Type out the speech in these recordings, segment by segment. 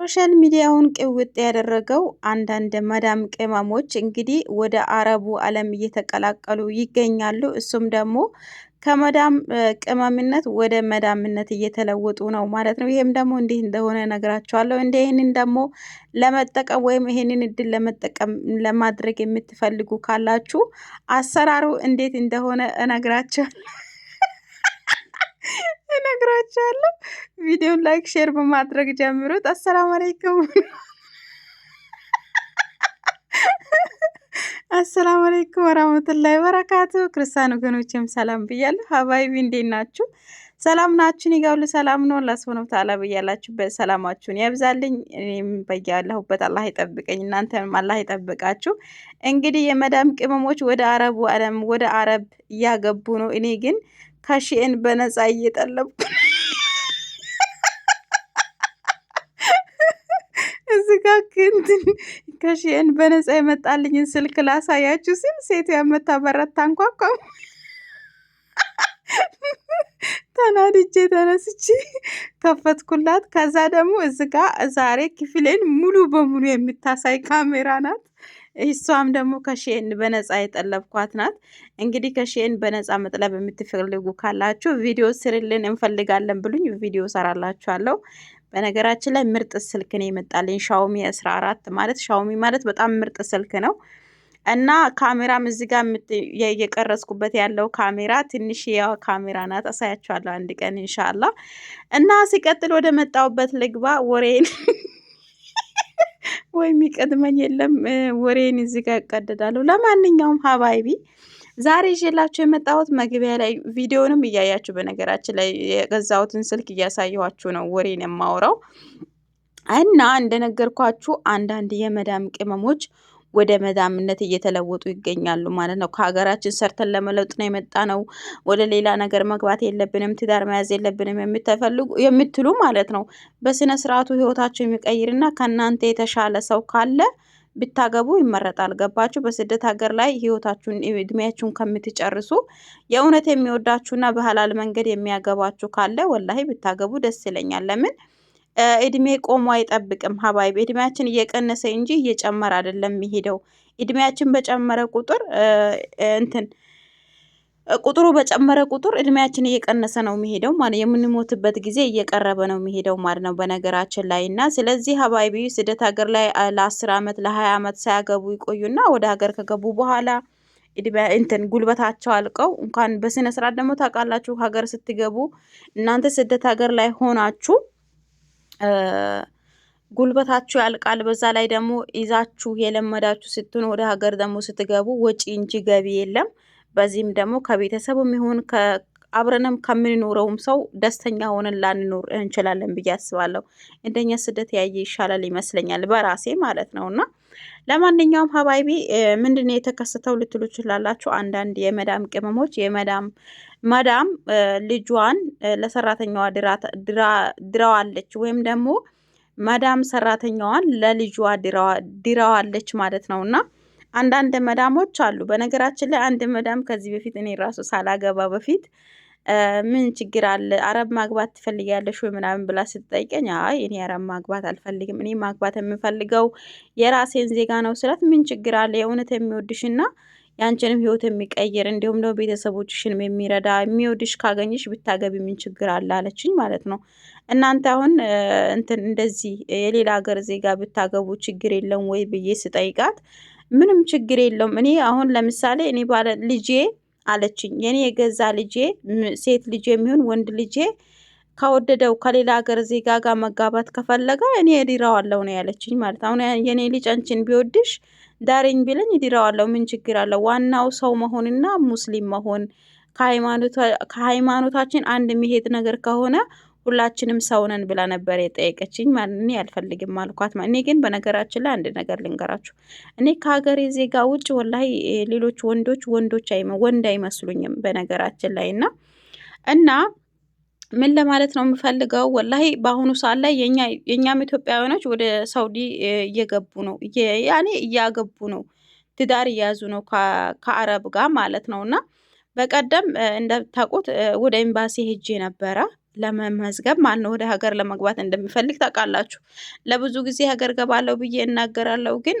ሶሻል ሚዲያውን ቅውጥ ያደረገው አንዳንድ መዳም ቅመሞች እንግዲህ ወደ አረቡ ዓለም እየተቀላቀሉ ይገኛሉ። እሱም ደግሞ ከመዳም ቅመምነት ወደ መዳምነት እየተለወጡ ነው ማለት ነው። ይህም ደግሞ እንዲህ እንደሆነ ነግራቸዋለሁ። እንደ ይህንን ደግሞ ለመጠቀም ወይም ይህንን እድል ለመጠቀም ለማድረግ የምትፈልጉ ካላችሁ አሰራሩ እንዴት እንደሆነ እነግራቸዋለሁ። እነግራችኋለሁ። ቪዲዮን ላይክ፣ ሼር በማድረግ ጀምሩት። አሰላሙ አለይኩም አሰላሙ አለይኩም ወራህመቱላሂ ወበረካቱ። ክርስቲያን ወገኖቼም ሰላም ብያለሁ። ሀባይቢ እንዴት ናችሁ? ሰላም ናችሁን? ይጋውል ሰላም ነው። አላህ ሱብሃነሁ ወተዓላ በያላችሁበት ሰላማችሁን ያብዛልኝ። እኔም በያለሁበት አላህ ይጠብቀኝ፣ እናንተም አላህ ይጠብቃችሁ። እንግዲህ የመዳም ቅመሞች ወደ አረቡ ዓለም ወደ አረብ እያገቡ ነው። እኔ ግን ከሺኤን በነፃ እየጠለብኩ እዚህ ጋር እንትን በነፃ የመጣልኝን ስልክ ላሳያችሁ ሲል ሴት ያመታ በረት ተናድጄ ተነስቼ ከፈትኩላት። ከዛ ደግሞ እዚ ጋ ዛሬ ክፍሌን ሙሉ በሙሉ የምታሳይ ካሜራ ናት። እሷም ደግሞ ከሼን በነፃ የጠለብኳት ናት። እንግዲህ ከሼን በነፃ መጥለብ የምትፈልጉ ካላችሁ ቪዲዮ ስርልን እንፈልጋለን ብሉኝ፣ ቪዲዮ ሰራላችኋለሁ። በነገራችን ላይ ምርጥ ስልክ ነው የመጣልኝ ሻውሚ አስራ አራት ማለት ሻውሚ ማለት በጣም ምርጥ ስልክ ነው እና ካሜራም እዚህ ጋር የቀረጽኩበት ያለው ካሜራ ትንሽ ያው ካሜራ ናት። አሳያችኋለሁ አንድ ቀን ኢንሻአላህ። እና ሲቀጥል ወደ መጣሁበት ልግባ ወሬን ወይ የሚቀድመኝ የለም። ወሬን እዚህ ጋር እቀደዳለሁ። ለማንኛውም ሀባይቢ ዛሬ ይዤላችሁ የመጣሁት መግቢያ ላይ ቪዲዮንም እያያችሁ በነገራችን ላይ የገዛሁትን ስልክ እያሳየኋችሁ ነው ወሬን የማውራው እና እንደነገርኳችሁ አንዳንድ የመዳም ቅመሞች ወደ መዳምነት እየተለወጡ ይገኛሉ ማለት ነው። ከሀገራችን ሰርተን ለመለውጥ ነው የመጣ ነው። ወደ ሌላ ነገር መግባት የለብንም፣ ትዳር መያዝ የለብንም የምትፈልጉ የምትሉ ማለት ነው በስነ ስርዓቱ ህይወታቸው የሚቀይርና ከእናንተ የተሻለ ሰው ካለ ብታገቡ ይመረጣል። ገባችሁ? በስደት ሀገር ላይ ህይወታችሁን እድሜያችሁን ከምትጨርሱ የእውነት የሚወዳችሁና በሀላል መንገድ የሚያገባችሁ ካለ ወላሂ ብታገቡ ደስ ይለኛል። ለምን እድሜ ቆሞ አይጠብቅም ሀባይብ። እድሜያችን እየቀነሰ እንጂ እየጨመረ አይደለም የሚሄደው። እድሜያችን በጨመረ ቁጥር እንትን ቁጥሩ በጨመረ ቁጥር እድሜያችን እየቀነሰ ነው የሚሄደው ማለት የምንሞትበት ጊዜ እየቀረበ ነው የሚሄደው ማለት ነው በነገራችን ላይ እና ስለዚህ ሀባይቢ ስደት ሀገር ላይ ለአስር ዓመት ለሀያ ዓመት ሳያገቡ ይቆዩና ወደ ሀገር ከገቡ በኋላ እንትን ጉልበታቸው አልቀው እንኳን በስነ ስርዓት ደግሞ ታውቃላችሁ ሀገር ስትገቡ እናንተ ስደት ሀገር ላይ ሆናችሁ ጉልበታችሁ ያልቃል። በዛ ላይ ደግሞ ይዛችሁ የለመዳችሁ ስትሆን ወደ ሀገር ደግሞ ስትገቡ ወጪ እንጂ ገቢ የለም። በዚህም ደግሞ ከቤተሰብ ሆን አብረንም ከምንኖረውም ሰው ደስተኛ ሆነን ላንኖር እንችላለን ብዬ አስባለሁ። እንደኛ ስደት ያየ ይሻላል ይመስለኛል፣ በራሴ ማለት ነው እና ለማንኛውም ሀባይቢ ምንድነው የተከሰተው ልትሉ ትችላላችሁ። አንዳንድ የመዳም ቅመሞች የመዳም መዳም ልጇን ለሰራተኛዋ ድራዋለች ወይም ደግሞ መዳም ሰራተኛዋን ለልጇ ድራዋለች ማለት ነው እና አንዳንድ መዳሞች አሉ። በነገራችን ላይ አንድ መዳም ከዚህ በፊት እኔ ራሱ ሳላገባ በፊት ምን ችግር አለ? አረብ ማግባት ትፈልጊያለሽ ወይ ምናምን ብላ ስትጠይቀኝ አይ እኔ አረብ ማግባት አልፈልግም፣ እኔ ማግባት የምፈልገው የራሴን ዜጋ ነው ስላት ምን ችግር አለ? የእውነት የሚወድሽና ያንቺንም ህይወት የሚቀይር እንዲሁም ደግሞ ቤተሰቦችሽንም የሚረዳ የሚወድሽ ካገኘሽ ብታገቢ ምን ችግር አለ አለችኝ ማለት ነው። እናንተ አሁን እንትን እንደዚህ የሌላ ሀገር ዜጋ ብታገቡ ችግር የለም ወይ ብዬ ስጠይቃት ምንም ችግር የለውም። እኔ አሁን ለምሳሌ እኔ ባለ ልጄ አለችኝ። የኔ የገዛ ልጄ ሴት ልጄ የሚሆን ወንድ ልጄ ከወደደው ከሌላ ሀገር ዜጋ ጋር መጋባት ከፈለገ እኔ እድራዋለሁ ነው ያለችኝ። ማለት አሁን የኔ ልጅ አንቺን ቢወድሽ ዳሬኝ ቢለኝ እድራዋለሁ፣ ምን ችግር አለው? ዋናው ሰው መሆንና ሙስሊም መሆን ከሃይማኖታችን አንድ የሚሄድ ነገር ከሆነ ሁላችንም ሰውነን ብላ ነበር የጠየቀችኝ። ማንን አልፈልግም አልኳት። እኔ ግን በነገራችን ላይ አንድ ነገር ልንገራችሁ፣ እኔ ከሀገሬ ዜጋ ውጭ ወላሂ ሌሎች ወንዶች ወንዶች አይመ ወንድ አይመስሉኝም በነገራችን ላይ እና እና ምን ለማለት ነው የምፈልገው ወላሂ በአሁኑ ሰዓት ላይ የእኛም ኢትዮጵያውያኖች ወደ ሳውዲ እየገቡ ነው፣ ያኔ እያገቡ ነው፣ ትዳር እያያዙ ነው ከአረብ ጋር ማለት ነው እና በቀደም እንደምታውቁት ወደ ኤምባሲ ሄጄ ነበረ ለመመዝገብ ማለት ነው ወደ ሀገር ለመግባት እንደሚፈልግ ታውቃላችሁ። ለብዙ ጊዜ ሀገር ገባለው ብዬ እናገራለው፣ ግን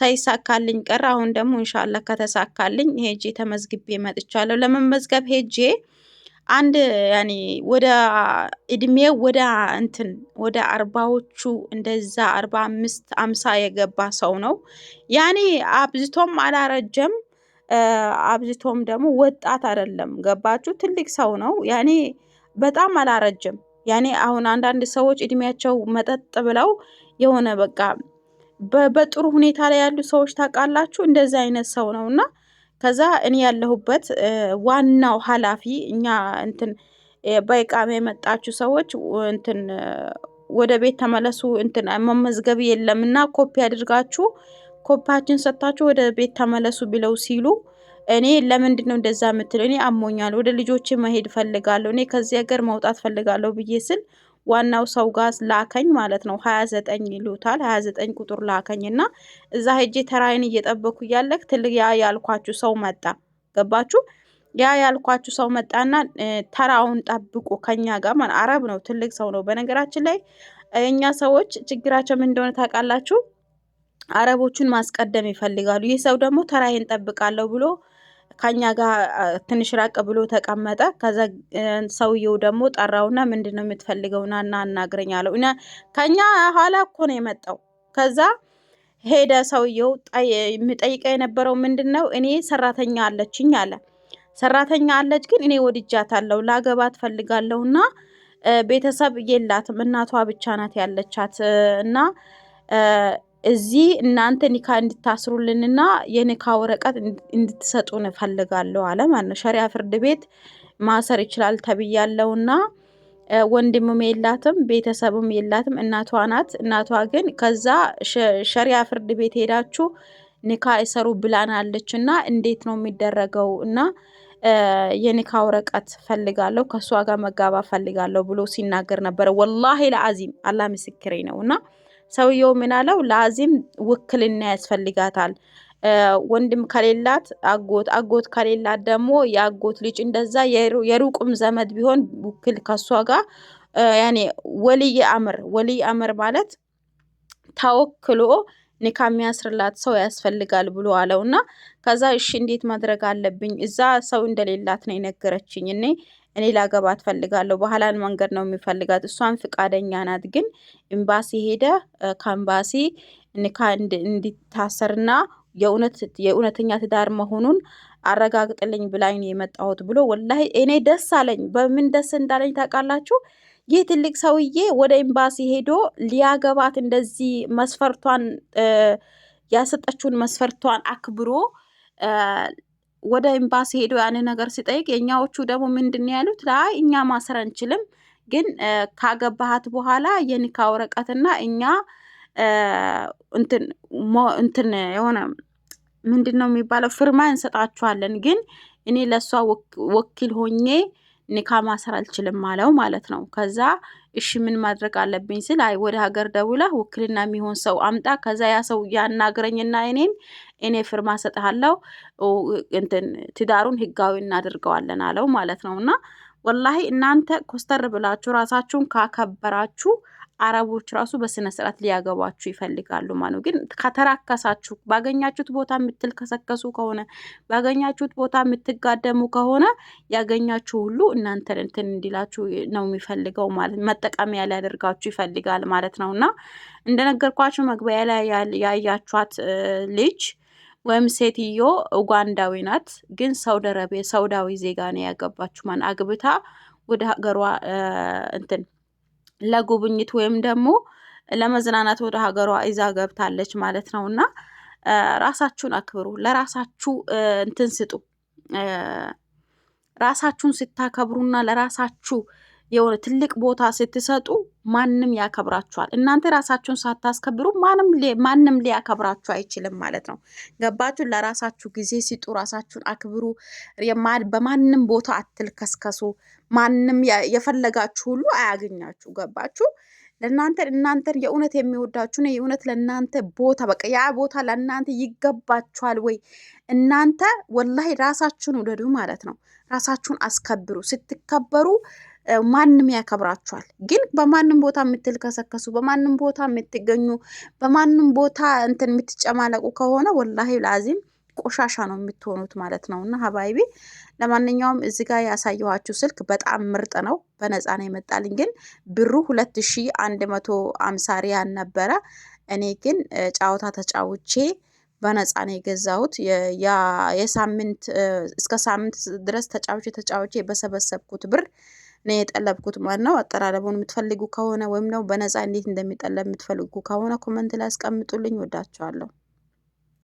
ሳይሳካልኝ ቀረ። አሁን ደግሞ እንሻላ ከተሳካልኝ ሄጄ ተመዝግቤ መጥቻለሁ። ለመመዝገብ ሄጄ አንድ ያኔ ወደ እድሜ ወደ እንትን ወደ አርባዎቹ እንደዛ አርባ አምስት አምሳ የገባ ሰው ነው ያኔ አብዝቶም አላረጀም አብዝቶም ደግሞ ወጣት አይደለም። ገባችሁ? ትልቅ ሰው ነው ያኔ በጣም አላረጅም። ያኔ አሁን አንዳንድ ሰዎች እድሜያቸው መጠጥ ብለው የሆነ በቃ በጥሩ ሁኔታ ላይ ያሉ ሰዎች ታውቃላችሁ። እንደዚህ አይነት ሰው ነው እና ከዛ እኔ ያለሁበት ዋናው ኃላፊ እኛ እንትን በኢቃማ የመጣችሁ ሰዎች እንትን ወደ ቤት ተመለሱ፣ እንትን መመዝገብ የለም እና ኮፒ አድርጋችሁ ኮፒያችን ሰጥታችሁ ወደ ቤት ተመለሱ ብለው ሲሉ እኔ ለምንድን ነው እንደዛ የምትለው? እኔ አሞኛል፣ ወደ ልጆች መሄድ ፈልጋለሁ፣ እኔ ከዚህ ሀገር መውጣት ፈልጋለሁ ብዬ ስል ዋናው ሰው ጋር ላከኝ ማለት ነው። ሀያ ዘጠኝ ይሉታል ሀያ ዘጠኝ ቁጥር ላከኝ እና እዛ ሄጄ ተራይን እየጠበኩ እያለክ ትልቅ ያ ያልኳችሁ ሰው መጣ። ገባችሁ? ያ ያልኳችሁ ሰው መጣና ተራውን ጠብቁ ከኛ ጋር አረብ ነው፣ ትልቅ ሰው ነው። በነገራችን ላይ እኛ ሰዎች ችግራቸው ምን እንደሆነ ታውቃላችሁ? አረቦቹን ማስቀደም ይፈልጋሉ። ይህ ሰው ደግሞ ተራይን ጠብቃለሁ ብሎ ከኛ ጋር ትንሽ ራቅ ብሎ ተቀመጠ። ከዛ ሰውየው ደግሞ ጠራውና ምንድን ነው የምትፈልገው? ና እና አናግረኝ አለው። ከኛ ኋላ እኮ ነው የመጣው። ከዛ ሄደ ሰውየው። የሚጠይቀው የነበረው ምንድን ነው? እኔ ሰራተኛ አለችኝ አለ። ሰራተኛ አለች፣ ግን እኔ ወድጃታለሁ፣ ላገባ ትፈልጋለሁ ትፈልጋለሁና ቤተሰብ የላትም እናቷ ብቻ ናት ያለቻት እና እዚህ እናንተ ኒካ እንድታስሩልንና የኒካ ወረቀት እንድትሰጡን እፈልጋለሁ አለ ማለት ነው። ሸሪያ ፍርድ ቤት ማሰር ይችላል ተብያለውና ወንድምም የላትም ቤተሰብም የላትም፣ እናቷ ናት። እናቷ ግን ከዛ ሸሪያ ፍርድ ቤት ሄዳችሁ ኒካ ይሰሩ ብላናለች እና እንዴት ነው የሚደረገው? እና የኒካ ወረቀት ፈልጋለሁ ከእሷ ጋር መጋባ ፈልጋለሁ ብሎ ሲናገር ነበረ። ወላሂ ለአዚም አላህ ምስክሬ ነው እና ሰውየው አለው? ለአዚም ውክልና ያስፈልጋታል። ወንድም ከሌላት አጎት፣ አጎት ከሌላት ደግሞ የአጎት ልጅ እንደዛ የሩቁም ዘመድ ቢሆን ውክል ከሷ ጋር ያኔ ወልይ አምር ወልይ አምር ማለት ተወክሎ ኒካ የሚያስርላት ሰው ያስፈልጋል ብሎ አለው እና ከዛ እሺ እንዴት ማድረግ አለብኝ? እዛ ሰው እንደሌላት ነው የነገረችኝ። እኔ እኔ ላገባት ፈልጋለሁ፣ ባህላን መንገድ ነው የሚፈልጋት፣ እሷን ፍቃደኛ ናት። ግን ኤምባሲ ሄደ ከኤምባሲ ኒካ እንዲታሰርና የእውነተኛ ትዳር መሆኑን አረጋግጥልኝ ብላኝ የመጣሁት ብሎ ወላሂ እኔ ደስ አለኝ። በምን ደስ እንዳለኝ ታውቃላችሁ? ይህ ትልቅ ሰውዬ ወደ ኤምባሲ ሄዶ ሊያገባት እንደዚህ መስፈርቷን ያሰጠችውን መስፈርቷን አክብሮ ወደ ኤምባሲ ሄዶ ያንን ነገር ሲጠይቅ የእኛዎቹ ደግሞ ምንድን ያሉት? ላይ እኛ ማሰር አንችልም፣ ግን ካገባሃት በኋላ የኒካ ወረቀትና እኛ እንትን የሆነ ምንድን ነው የሚባለው ፍርማ እንሰጣችኋለን፣ ግን እኔ ለእሷ ወኪል ሆኜ ኒካ ማሰር አልችልም አለው ማለት ነው። ከዛ እሺ ምን ማድረግ አለብኝ ስል አይ ወደ ሀገር ደውላ ውክልና የሚሆን ሰው አምጣ፣ ከዛ ያ ሰው ያናግረኝና እኔን እኔ ፍርማ ሰጥሃለው እንትን ትዳሩን ህጋዊ እናደርገዋለን አለው ማለት ነው። እና ወላሂ እናንተ ኮስተር ብላችሁ ራሳችሁን ካከበራችሁ አረቦች ራሱ በስነ ስርዓት ሊያገባችሁ ይፈልጋሉ ማለት ነው። ግን ከተራከሳችሁ፣ ባገኛችሁት ቦታ የምትልከሰከሱ ከሆነ ባገኛችሁት ቦታ የምትጋደሙ ከሆነ ያገኛችሁ ሁሉ እናንተ እንትን እንዲላችሁ ነው የሚፈልገው ማለት መጠቀሚያ ሊያደርጋችሁ ይፈልጋል ማለት ነው እና እንደነገርኳችሁ መግቢያ ላይ ያያችኋት ልጅ ወይም ሴትዮ ኡጋንዳዊ ናት፣ ግን አረቢያ ሳውዳዊ ዜጋ ነው ያገባችሁ ማን አግብታ ወደ ሀገሯ እንትን ለጉብኝት ወይም ደግሞ ለመዝናናት ወደ ሀገሯ ይዛ ገብታለች ማለት ነው። እና ራሳችሁን አክብሩ፣ ለራሳችሁ እንትን ስጡ። ራሳችሁን ስታከብሩና ለራሳችሁ የሆነ ትልቅ ቦታ ስትሰጡ ማንም ያከብራችኋል። እናንተ ራሳችሁን ሳታስከብሩ ማንም ሊያከብራችሁ አይችልም ማለት ነው። ገባችሁ? ለራሳችሁ ጊዜ ስጡ፣ ራሳችሁን አክብሩ። በማንም ቦታ አትልከስከሱ። ማንም የፈለጋችሁ ሁሉ አያገኛችሁ። ገባችሁ? ለእናንተ እናንተን የእውነት የሚወዳችሁ የእውነት ለእናንተ ቦታ በቃ ያ ቦታ ለእናንተ ይገባችኋል ወይ? እናንተ ወላሂ ራሳችሁን ውደዱ ማለት ነው። ራሳችሁን አስከብሩ። ስትከበሩ ማንም ያከብራችኋል። ግን በማንም ቦታ የምትልከሰከሱ፣ በማንም ቦታ የምትገኙ፣ በማንም ቦታ እንትን የምትጨማለቁ ከሆነ ወላሂ ላዚም ቆሻሻ ነው የምትሆኑት ማለት ነው። እና ሀባይቢ ለማንኛውም እዚ ጋር ያሳየኋችሁ ስልክ በጣም ምርጥ ነው። በነፃ ነው የመጣልኝ። ግን ብሩ ሁለት ሺ አንድ መቶ አምሳ ሪያል ነበረ። እኔ ግን ጫወታ ተጫውቼ በነፃ ነው የገዛሁት። የሳምንት እስከ ሳምንት ድረስ ተጫውቼ ተጫውቼ በሰበሰብኩት ብር እኔ የጠለብኩት ማለት ነው። አጠራረቡን የምትፈልጉ ከሆነ ወይም ደግሞ በነፃ እንዴት እንደሚጠለብ የምትፈልጉ ከሆነ ኮመንት ላይ አስቀምጡልኝ። ወዳችኋለሁ።